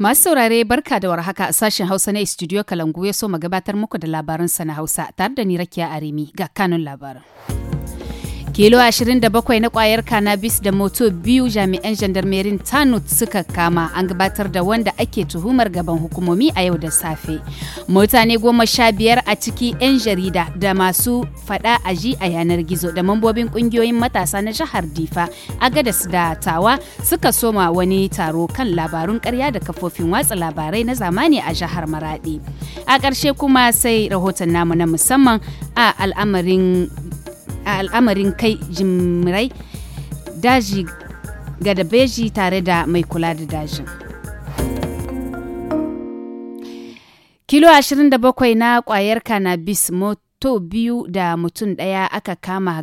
Masu saurare barka da warhaka a sashen Hausa na Studio Kalangu ya so ma gabatar muku da labaran na Hausa tare da ni Rakiya Arimi ga kanun labaran. kilo 27 na kwayar cannabis da moto biyu jami'an jandarmerin tanut suka kama an gabatar da wanda ake tuhumar gaban hukumomi a yau da safe mutane goma sha biyar a ciki 'yan jarida da masu fada ji a yanar gizo da mambobin kungiyoyin matasa na jihar difa agadas da tawa suka soma wani taro kan labarun karya da kafofin watsa labarai na zamani a jihar maradi a ƙarshe kuma sai rahoton namu na musamman a al'amarin a al'amarin kai jimirai daji ga da beji tare da mai kula da dajin. Kilo 27 na kwayar cannabis moto biyu da mutum ɗaya aka kama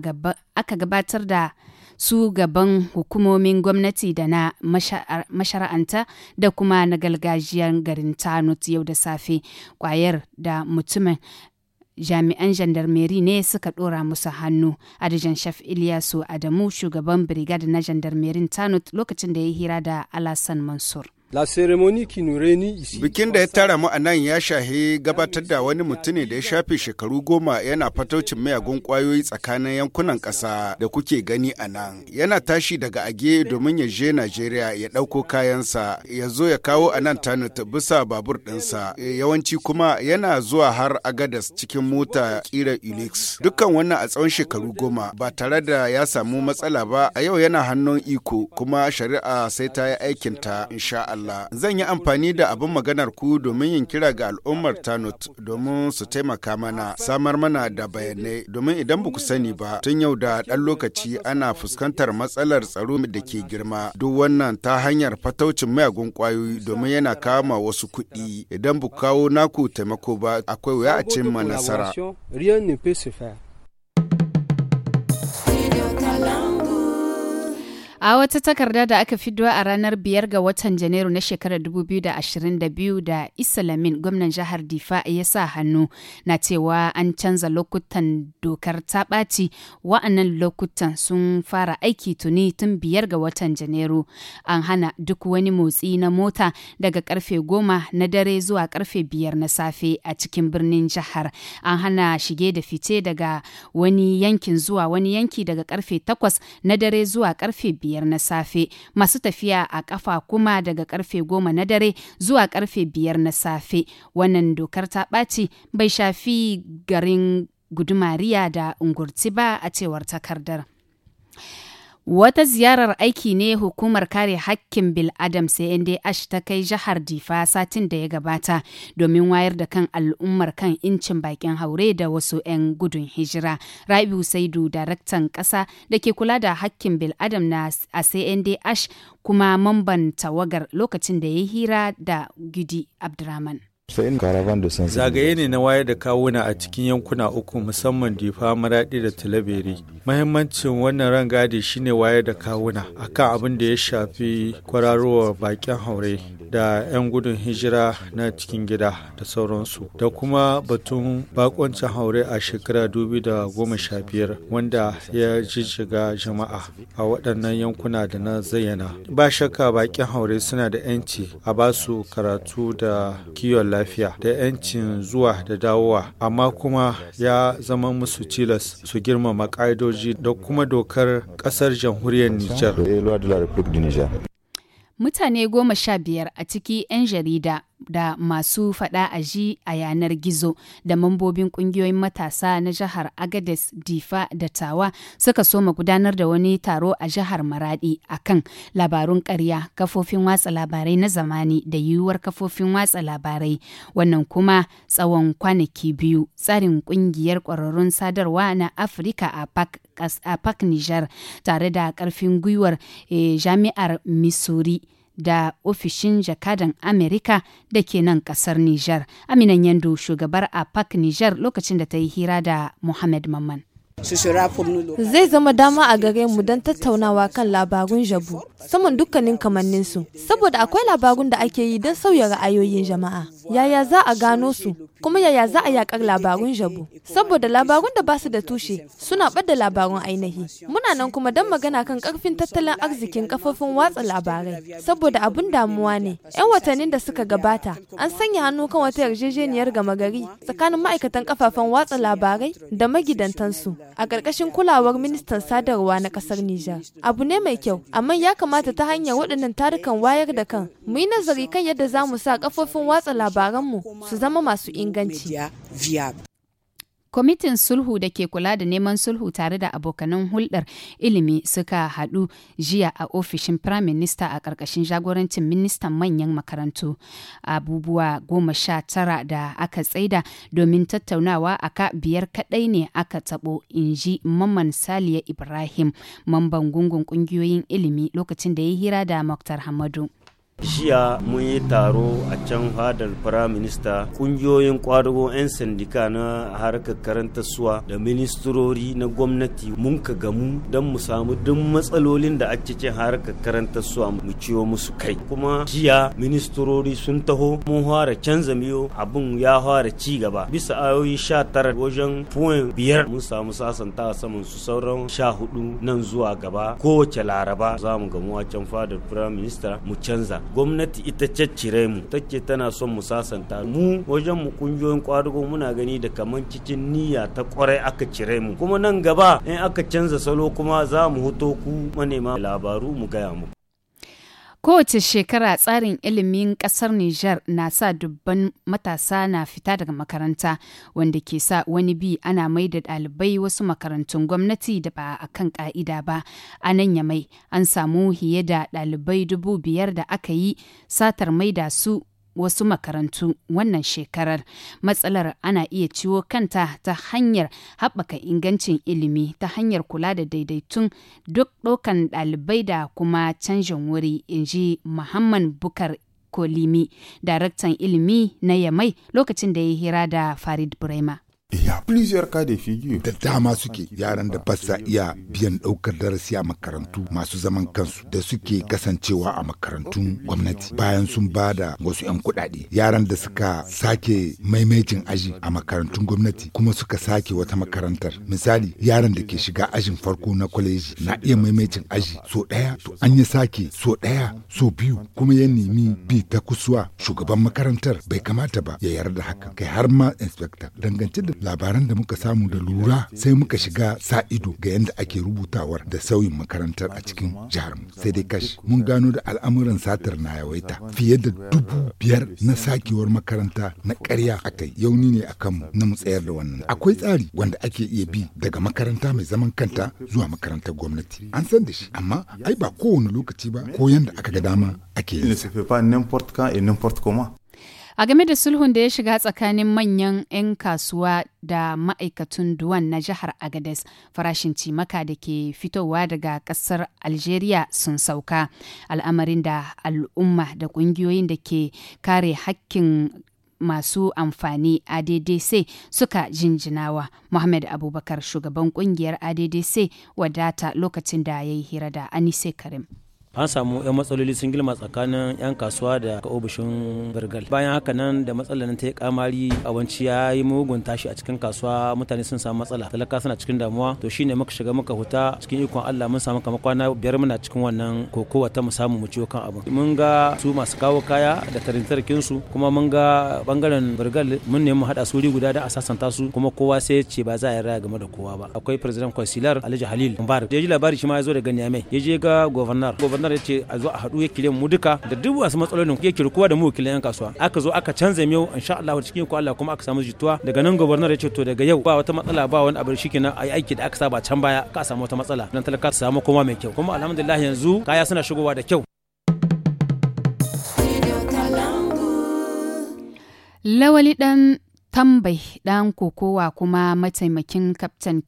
aka gabatar da su gaban hukumomin gwamnati da na mashara'anta da kuma na galgajiyar garin tanut yau da safe kwayar da mutumin jami'an jandarmeri ne suka ɗora musu hannu adijan shaf iliyasu adamu shugaban brigad na jandarmerin tanut lokacin da ya hira da alasan mansur Bikin da ya tara mu a nan ya shahe gabatar da wani mutum ne da ya shafe shekaru goma yana fataucin mayagun kwayoyi tsakanin yankunan ƙasa da kuke gani a nan. Yana tashi daga age domin ya je Najeriya ya ɗauko kayansa ya zo ya kawo a nan tanut bisa babur ɗinsa. Eh, yawanci kuma yana zuwa har Agadas cikin mota ƙira Ulix. Dukkan wannan a tsawon shekaru goma ba tare da ya samu matsala ba a yau yana hannun iko kuma shari'a sai ta yi aikinta insha Allah zan yi amfani da abin maganar ku domin yin kira ga al'ummar Tanut domin su taimaka mana samar mana da bayanai domin idan ba sani ba tun yau da ɗan lokaci ana fuskantar matsalar tsaro da ke girma duk wannan ta hanyar fataucin mayagun ƙwayoyi domin yana kama wasu kuɗi idan bu kawo naku taimako ba akwai wuya a cimma nasara. A wata takarda da aka fido a ranar biyar ga watan Janairu na shekarar 2022 da Isalamin gwamnan jihar Difa ya sa hannu na cewa an canza lokutan dokar ta ɓaci wa'annan lokutan sun fara aiki tuni tun biyar ga watan Janairu. An hana duk wani motsi na mota daga karfe goma na dare zuwa karfe biyar na safe a cikin birnin jihar. An hana shige da fice daga wani yankin zuwa wani yanki daga karfe takwas na dare zuwa karfe biyar. biyar na safe masu tafiya a ƙafa kuma daga karfe goma na dare zuwa karfe biyar na safe wannan dokar ta ɓaci bai shafi garin gudumariya da ungurti ba a cewar takardar. Wata ziyarar aiki ne hukumar kare hakkin bil Bil'adam CNDH ta kai jihar Difa satin da ya gabata domin wayar da kan al'ummar kan incin bakin haure da wasu 'yan gudun hijira. Rabi Saidu, daraktan ƙasa da ke kula da hakkin bil-adam na a CNDH kuma mamban tawagar lokacin da ya hira da Gidi Abdurrahman. Zagaye ne na wayar da kawuna a cikin yankuna uku musamman Difa, Maradi da Talabere. Mahimmancin wannan rangadi shine wayar da kawuna akan abin da ya shafi kwararowar bakin haure da 'yan gudun hijira na cikin gida da sauransu da kuma batun bakoncin haure a shekara da goma biyar wanda ya jijjiga jama'a a waɗannan yankuna da na zayyana. Ba shakka bakin haure suna da 'yanci a basu karatu da kiwon lafiya da 'yancin zuwa da dawowa amma kuma ya zama musu tilas su girmama ƙa'idoji da kuma dokar ƙasar jamhuriyar Nijar. Mutane goma sha biyar a ciki 'yan jarida da masu fada a ji a yanar gizo da mambobin kungiyoyin matasa na jihar agades difa da tawa suka soma gudanar da wani taro a jihar maradi kan labarun karya kafofin watsa labarai na zamani da yiwuwar kafofin watsa labarai wannan kuma tsawon kwanaki biyu tsarin kungiyar kwararrun sadarwa na afirka a pak a niger tare da karfin gwiwar eh, jami'ar missouri da ofishin jakadan Amerika da ke nan kasar Nijar. Aminan Yando shugabar a Park Nijar lokacin da ta yi hira da Muhammad Mamman. Zai zama dama a gare mu don tattaunawa kan labarun jabu saman dukkanin kamanninsu, saboda akwai labarun da ake yi don sauya ra'ayoyin jama'a. Yaya za a gano su, kuma yaya za a yakar labarun jabu, saboda labarun da basu da tushe suna bada labarun ainihi. Muna nan kuma don magana kan karfin tattalin arzikin kafofin watsa labarai, saboda abun damuwa ne. 'Yan watannin da suka gabata, an sanya hannu kan wata yarjejeniyar gama gari tsakanin ma'aikatan kafafen watsa labarai da magidantansu. a ƙarƙashin kulawar ministan sadarwa na ƙasar Nijar. Abu ne mai kyau, amma ya kamata ta hanyar waɗannan tarukan wayar da kan mu yi nazari kan yadda za mu sa kafofin watsa labaranmu su zama masu inganci. Kwamitin sulhu da ke kula da neman sulhu tare da abokanan hulɗar ilimi suka haɗu jiya a ofishin Prime Minister a ƙarƙashin jagorancin ministan manyan makarantu. Abubuwa goma sha tara da aka tsaida domin tattaunawa a ka biyar kaɗai ne aka taɓo in ji Mamman Saliya Ibrahim, mamban gungun ƙungiyoyin ilimi lokacin da ya hira da Muktar Hamadu. Jiya mun yi taro a can fadar firaminista kungiyoyin kwadugo 'yan sandika na harkar suwa da ministrori na gwamnati mun ka gamu don mu samu duk matsalolin da ake cin harkar suwa mu ciwo musu kai. Kuma jiya ministrori sun taho mun fara canza miyo abin ya fara ci gaba. Bisa ayoyi sha tara wajen puwen biyar mun samu sasanta a saman su sauran sha hudu nan zuwa gaba kowace laraba za mu gamu a can fadar firaminista mu canza gwamnati ita ciccire mu take tana son mu sasanta mu wajen mu kungiyoyin kwadugo muna gani da kamar cikin niyya ta kwarai aka cire mu kuma nan gaba in aka canza salo kuma za mu hoto ku manema labaru mu gaya muku Kowace shekara tsarin ilimin ƙasar Nijar na sa dubban matasa na fita daga makaranta wanda ke sa wani bi ana mai da ɗalibai wasu makarantun gwamnati da ba a kan ƙa'ida ba. A nan mai an samu hiye da ɗalibai dubu biyar da aka yi satar mai da su wasu makarantu wannan shekarar. Matsalar ana iya ciwo kanta ta hanyar haɓaka ingancin ilimi ta hanyar kula da daidaitun duk ɗaukan ɗalibai da kuma canjin wuri, in ji Muhammad Bukar Kolimi, daraktan ilimi na Yamai lokacin da ya hira da Farid Burema. Il y a plusieurs cas de figure. Da dama suke yaran da basa iya biyan ɗaukar darasi a makarantu masu zaman kansu da suke kasancewa a makarantun gwamnati bayan sun ba da wasu 'yan kuɗaɗe. Yaran da suka sake maimaitin aji a makarantun gwamnati kuma suka sake wata makarantar. Misali yaran da ke shiga ajin farko na kwaleji na iya maimaitin aji so ɗaya to an yi sake so ɗaya so biyu kuma ya nemi bi ta kusuwa shugaban makarantar bai kamata ba ya yarda haka kai har ma inspector dangance da labaran da muka samu da lura sai muka shiga sa ido ga yadda ake rubutawar da sauyin makarantar a cikin jihar mu sai dai kashi mun gano da al'amuran satar na yawaita fiye da dubu biyar na sakewar makaranta na karya akai yauni ne a mu na mu tsayar da wannan akwai tsari wanda ake iya bi daga makaranta mai zaman kanta zuwa makarantar gwamnati an san da shi amma ai ba kowane lokaci ba ko yanda aka ga dama ake yi. A game da sulhun da ya shiga tsakanin manyan 'yan kasuwa da ma'aikatun duwan na jihar Agades, farashin cimaka da ke fitowa daga kasar Algeria sun sauka. Al'amarin da al'umma da ƙungiyoyin da ke kare hakkin masu amfani ADDC suka jinjinawa Mohamed Abubakar shugaban kungiyar ADDC wadata lokacin da ya yi hira da Anise Karim. an samu 'yan matsaloli sun gilma tsakanin 'yan kasuwa da ofishin birgal bayan haka nan da matsalar ta yi kamari abinci ya yi mugun tashi a cikin kasuwa mutane sun samu matsala talaka suna cikin damuwa to shine muka shiga muka huta cikin ikon Allah mun samu kamar kwana biyar muna cikin wannan kokowa ta mu samu mu ciwo kan abu mun ga su masu kawo kaya da tarin su kuma mun ga bangaren birgal mun nemi hada su guda da a sasanta su kuma kowa sai ce ba za a yarda game da kowa ba akwai president kwasilar Alhaji Halil Mubarak ya ji labari shi ma ya zo daga Niamey ya je ga janar ya ce a zo a haɗu ya kire mu duka da duk wasu matsalolin ya kiri kowa da mu wakilan yan kasuwa aka zo aka canza miyau insha Allah cikin ku Allah kuma aka samu jituwa daga nan gwamnati ya ce to daga yau ba wata matsala ba wani abu shikenan ayi aiki da aka saba can baya ka samu wata matsala dan talaka ta samu kuma mai kyau kuma alhamdulillah yanzu kaya suna shigowa da kyau Lawali ɗan tambai ɗan kokowa kuma mataimakin kaftan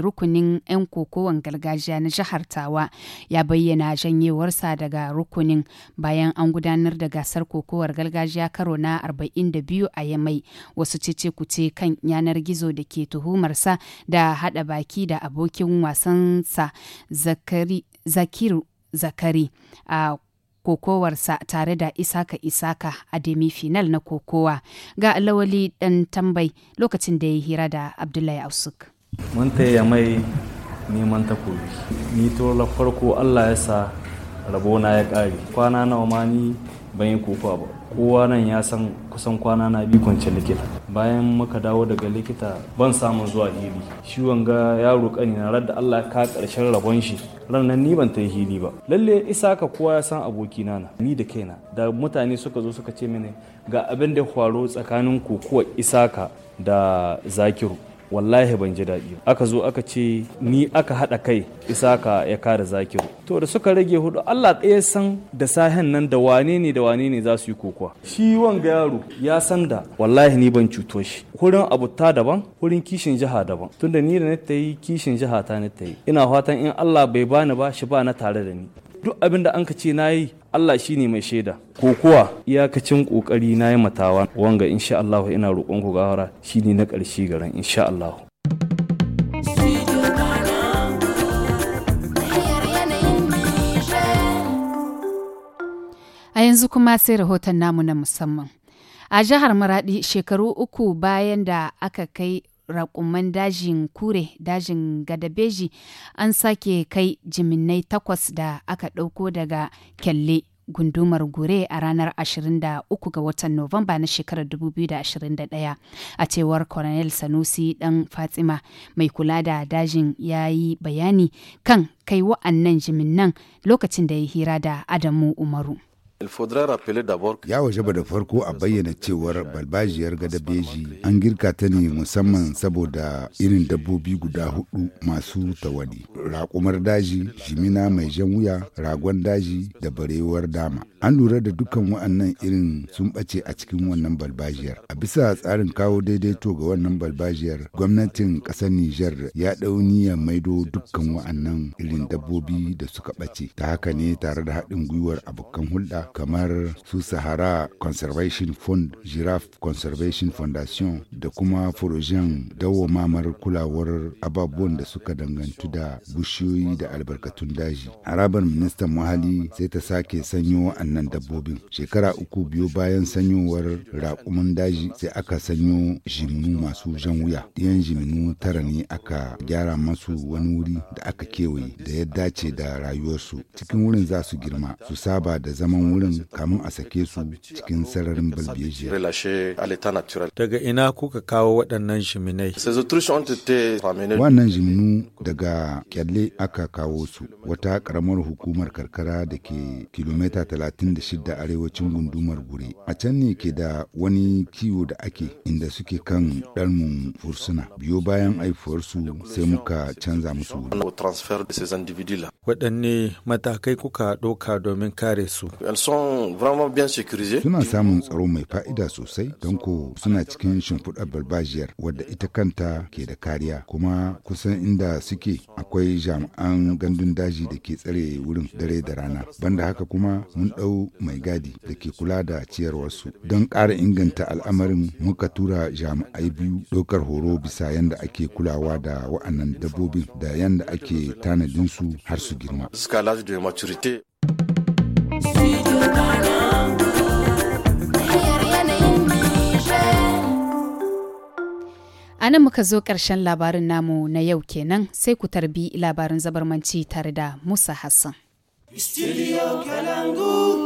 rukunin 'yan kokowan gargajiya na jihar Tawa ya bayyana janyewarsa daga rukunin bayan an gudanar da gasar kokowar gargajiya karo na 42 a Yamai wasu cece kuce kan yanar gizo da ke tuhumarsa da hada baki da abokin wasansa Zakiru Zakari a kokowarsa tare da Isaka Isaka a demi-final na kokowa ga alawali dan tambai lokacin da ya hira da Abdullahi Ausuk. mun taya mai neman takobi ni tola farko allah ya sa rabona ya ƙare kwana nawa ma ni ban yi kofa ba kowa nan ya san kusan kwana na bi likita bayan muka dawo daga likita ban samun zuwa hili shi wanga yaro kani na radda Allah ka karshen rabon shi ranar ni ban ta yi hili ba lalle isa ka kowa ya san aboki na na ni da kaina da mutane suka zo suka ce mini ga abin da faru tsakanin kokuwa isaka da zakiru wallahi ban ji daɗi aka zo aka ce ni aka haɗa kai isaka ya kare zakiru to da suka rage hudu allah ɗaya san da sahen nan da wane ne da wane ne za su yi kokowa shi wanga yaro ya san da wallahi ni ban cuto shi wurin abuta daban wurin kishin jiha daban tunda ni da na ta yi kishin jiha ta na ta yi ina fatan in allah bai bani ba shi ba na tare da ni duk abin da an ka ce na yi Allah shi ne mai shaida ko kuwa iyakacin kokari na yi matawa wanga insha Allah ina roƙon ku gawara Shi ne na ƙarshe garan insha Allah A yanzu kuma sai rahoton namu na musamman. A jihar Maradi shekaru uku bayan da aka kai raƙuman dajin kure dajin gadabeji an sake kai jiminai takwas da aka ɗauko daga kyalle gundumar gure a ranar 23 ga watan Nuwamba na shekarar 2021 a cewar Colonel Sanusi dan fatima mai kula da dajin ya yi bayani kan kai wa'annan jiminnan lokacin da ya hira da Adamu Umaru. Ya waje ba da farko a bayyana cewar balbajiyar gada beji an girka ta ne musamman saboda irin dabbobi guda hudu masu tawali. Raƙumar daji, jimina mai jan wuya, ragon daji da barewar dama. An lura da dukkan wa'annan irin sun bace a cikin wannan balbajiyar. A bisa tsarin kawo daidaito ga wannan balbajiyar, gwamnatin ƙasar Nijar ya ɗau niyyar maido dukkan wa'annan irin dabbobi da suka ɓace. Ta haka ne tare da haɗin gwiwar abokan hulɗa kamar su Sahara Conservation Fund, Giraffe Conservation Foundation da kuma furojen mamar kulawar ababuwan da suka dangantu da bushiyoyi da albarkatun daji. Harabar ministan muhalli sai ta sake sanyo wa'annan dabbobin. Shekara uku biyu bayan sanyowar raƙumin daji sai aka sanyo jiminu masu jan wuya. Ɗiyan jiminu tara ne aka gyara masu wani wuri da aka kewaye da ya dace da rayuwarsu. Cikin wurin za su girma, su saba da zaman wurin kamun a sake su cikin sararin balbejiya. Daga ina kuka kawo waɗannan shiminai? Wannan jiminu daga kyalle aka kawo su wata ƙaramar hukumar karkara da ke kilomita 36 arewacin gundumar gure. A can ne ke da wani kiwo da ake inda suke kan ɗarmin fursuna. Biyo bayan aifuwarsu sai muka canza musu wuri. Waɗanne matakai kuka ɗauka domin kare su? sont vraiment bien sécurisés. Suna samun tsaro mai fa'ida sosai don ko suna cikin shimfiɗar barbajiyar wadda ita kanta ke da kariya kuma kusan inda suke akwai jami'an gandun daji da ke tsare wurin dare da rana. Banda haka kuma mun ɗau mai gadi da ke kula da ciyarwarsu. Don ƙara inganta al'amarin muka tura jami'ai biyu ɗaukar horo bisa yanda ake kulawa da wa'annan dabbobin da yanda ake tanadinsu har su girma. Scalage de maturité. A nan muka zo ƙarshen labarin namu na yau kenan sai ku tarbi labarin zabarmanci tare da Musa Hassan. Studio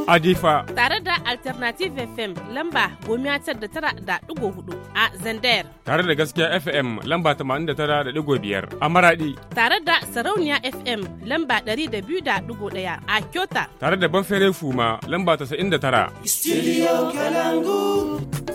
Adifa. Tare da Alternative FM lamba gomiya da tara da ɗigo hudu a Zandayar. Tare da gaskiya FM lamba tamanin da tara da ɗigo biyar a Maradi. Tare da Sarauniya FM lamba ɗari da biyu da ɗigo ɗaya a Kyota. Tare da Banfere Fuma lamba tasa'in da tara. Studio Kalangu.